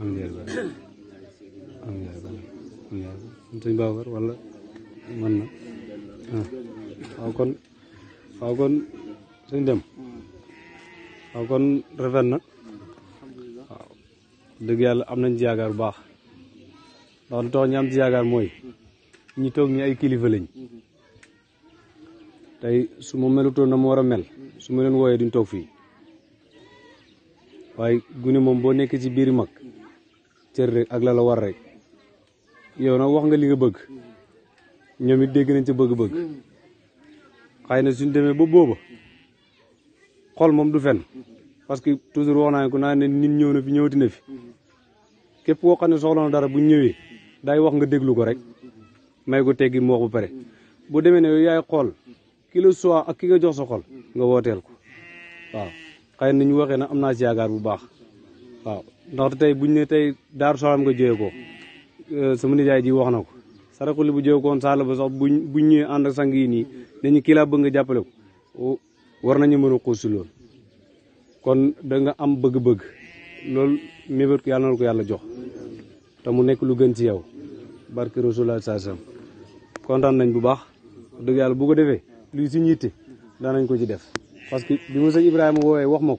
am leer ba am na ah. waaw kon waaw kon sëñ dem waaw kon rafet na waaw yàlla am nañ ci yaakaar bu baax ndax lu tax ñu am ci yaakaar mooy ñi toog ñi ay kilifa lañ tey su ma melutoon na war a mel su ma leen wooyee duñ toog fii waaye gune moom boo nekkee ci biir mag cër rek ak la la war rek yow nag wax nga li nga bëgg ñoom it dégg nañ ca bëgg-bëgg xëy na suñ demee ba booba xol moom du fen parce que toujours wax naa ko naa ne nit ñëw na fi ñëwati na fi képp koo xam ne soxla na dara bu ñëwee day wax nga déglu ko rek may ko teggi mu wax ba pare bu demee ne yow yaay xool ki la soit ak ki nga jox sa xol nga wooteel ko waaw xay na ñu waxee na amna ziyagar bu baax waaw ndax tay buñu ne tay daru salam nga jóge ko euh, sama nijaay ji wax na ko saraxuli bu ko on sall bu sax buñ buñ and ak sang yi ni dañu kila laa bëgg nga jàppale ko war nañu mëna xusul xuus kon da nga am bëgg-bëgg lool mebeut ko yalla nako ko yàlla jox ta mu nekk lu gën ci yow barke rasulullah saa sam kontaan nañ bu baax deug yalla bu ko lu ci ñitté da nañ ko ci def parce que bi ma sëñ Ibrahima woowee wax ma